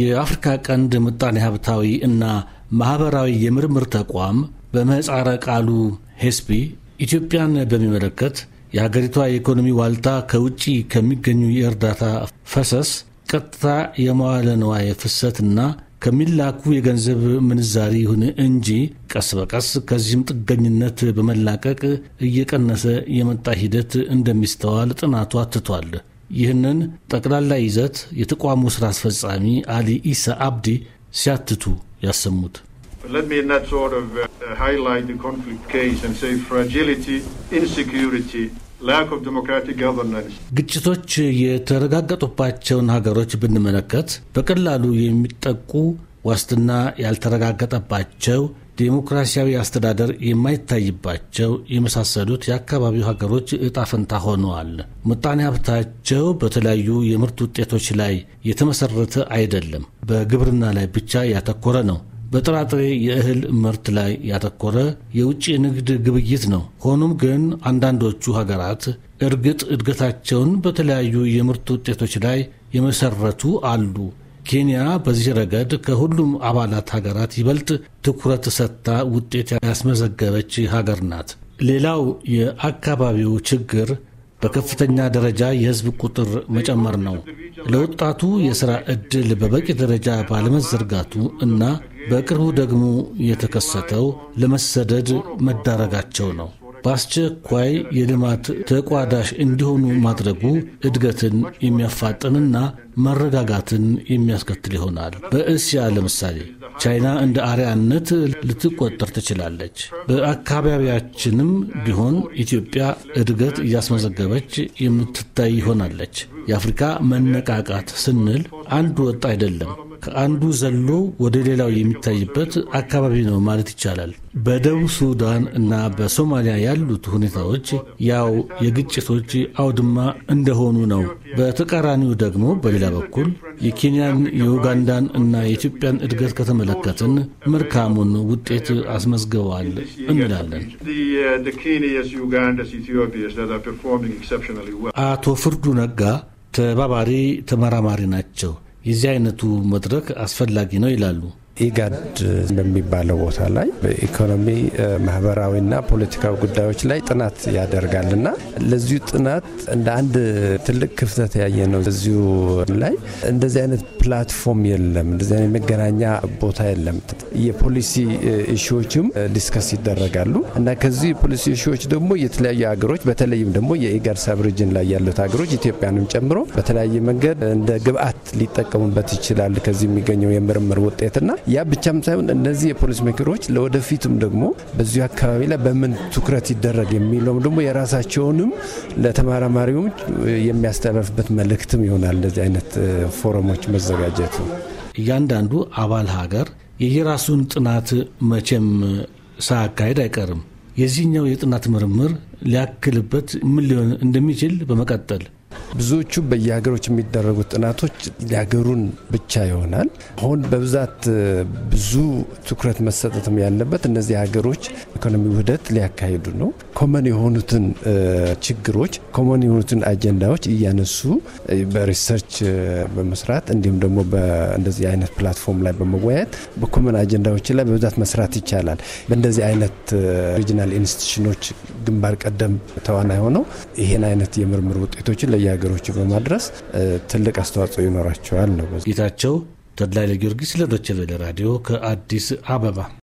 የአፍሪካ ቀንድ ምጣኔ ሀብታዊ እና ማህበራዊ የምርምር ተቋም በመጻረ ቃሉ ሄስፒ ኢትዮጵያን በሚመለከት የሀገሪቷ የኢኮኖሚ ዋልታ ከውጭ ከሚገኙ የእርዳታ ፈሰስ፣ ቀጥታ የመዋለ ንዋይ ፍሰትና ከሚላኩ የገንዘብ ምንዛሪ ይሁን እንጂ ቀስ በቀስ ከዚህም ጥገኝነት በመላቀቅ እየቀነሰ የመጣ ሂደት እንደሚስተዋል ጥናቱ አትቷል። ይህንን ጠቅላላ ይዘት የተቋሙ ስራ አስፈጻሚ አሊ ኢሳ አብዲ ሲያትቱ ያሰሙት uh, ግጭቶች የተረጋገጡባቸውን ሀገሮች ብንመለከት በቀላሉ የሚጠቁ ዋስትና ያልተረጋገጠባቸው ዴሞክራሲያዊ አስተዳደር የማይታይባቸው የመሳሰሉት የአካባቢው ሀገሮች እጣ ፈንታ ሆነዋል። ምጣኔ ሀብታቸው በተለያዩ የምርት ውጤቶች ላይ የተመሰረተ አይደለም። በግብርና ላይ ብቻ ያተኮረ ነው። በጥራጥሬ የእህል ምርት ላይ ያተኮረ የውጭ ንግድ ግብይት ነው። ሆኖም ግን አንዳንዶቹ ሀገራት እርግጥ እድገታቸውን በተለያዩ የምርት ውጤቶች ላይ የመሰረቱ አሉ። ኬንያ በዚህ ረገድ ከሁሉም አባላት ሀገራት ይበልጥ ትኩረት ሰጥታ ውጤት ያስመዘገበች ሀገር ናት። ሌላው የአካባቢው ችግር በከፍተኛ ደረጃ የሕዝብ ቁጥር መጨመር ነው። ለወጣቱ የሥራ ዕድል በበቂ ደረጃ ባለመዘርጋቱ እና በቅርቡ ደግሞ የተከሰተው ለመሰደድ መዳረጋቸው ነው። በአስቸኳይ የልማት ተቋዳሽ እንዲሆኑ ማድረጉ እድገትን የሚያፋጥንና መረጋጋትን የሚያስከትል ይሆናል። በእስያ ለምሳሌ ቻይና እንደ አርያነት ልትቆጠር ትችላለች። በአካባቢያችንም ቢሆን ኢትዮጵያ እድገት እያስመዘገበች የምትታይ ይሆናለች። የአፍሪካ መነቃቃት ስንል አንድ ወጥ አይደለም። ከአንዱ ዘሎ ወደ ሌላው የሚታይበት አካባቢ ነው ማለት ይቻላል። በደቡብ ሱዳን እና በሶማሊያ ያሉት ሁኔታዎች ያው የግጭቶች አውድማ እንደሆኑ ነው። በተቃራኒው ደግሞ በሌላ በኩል የኬንያን፣ የኡጋንዳን እና የኢትዮጵያን እድገት ከተመለከትን መልካሙን ውጤት አስመዝግበዋል እንላለን። አቶ ፍርዱ ነጋ ተባባሪ ተመራማሪ ናቸው። የዚህ አይነቱ መድረክ አስፈላጊ ነው ይላሉ። ኢጋድ በሚባለው ቦታ ላይ በኢኮኖሚ ማህበራዊና ፖለቲካዊ ጉዳዮች ላይ ጥናት ያደርጋል እና ለዚሁ ጥናት እንደ አንድ ትልቅ ክፍተት ያየ ነው። እዚሁ ላይ እንደዚህ አይነት ፕላትፎርም የለም፣ እንደዚህ አይነት መገናኛ ቦታ የለም። የፖሊሲ እሺዎችም ዲስከስ ይደረጋሉ እና ከዚህ የፖሊሲ እሺዎች ደግሞ የተለያዩ ሀገሮች በተለይም ደግሞ የኢጋድ ሳብሪጅን ላይ ያሉት ሀገሮች ኢትዮጵያንም ጨምሮ በተለያየ መንገድ እንደ ግብአት ሊጠቀሙበት ይችላል ከዚህ የሚገኘው የምርምር ውጤትና ያ ብቻም ሳይሆን እነዚህ የፖሊሲ ምክሮች ለወደፊቱም ደግሞ በዚሁ አካባቢ ላይ በምን ትኩረት ይደረግ የሚለውም ደግሞ የራሳቸውንም ለተመራማሪዎች የሚያስተላልፍበት መልእክትም ይሆናል። እንደዚህ አይነት ፎረሞች መዘጋጀቱ እያንዳንዱ አባል ሀገር የየራሱን ጥናት መቼም ሳያካሄድ አይቀርም። የዚህኛው የጥናት ምርምር ሊያክልበት ምን ሊሆን እንደሚችል በመቀጠል ብዙዎቹ በየሀገሮች የሚደረጉት ጥናቶች ሊያገሩን ብቻ ይሆናል። አሁን በብዛት ብዙ ትኩረት መሰጠትም ያለበት እነዚህ ሀገሮች ኢኮኖሚ ውህደት ሊያካሂዱ ነው። ኮመን የሆኑትን ችግሮች፣ ኮመን የሆኑትን አጀንዳዎች እያነሱ በሪሰርች በመስራት እንዲሁም ደግሞ በእንደዚህ አይነት ፕላትፎርም ላይ በመወያየት በኮመን አጀንዳዎች ላይ በብዛት መስራት ይቻላል። በእንደዚህ አይነት ሪጂናል ኢንስቲትሽኖች ግንባር ቀደም ተዋናይ ሆነው ይህን አይነት የምርምር ውጤቶችን ለየሀገሮች በማድረስ ትልቅ አስተዋጽኦ ይኖራቸዋል ነው። ጌታቸው ተድላይ ለጊዮርጊስ ለዶቸቬለ ራዲዮ ከአዲስ አበባ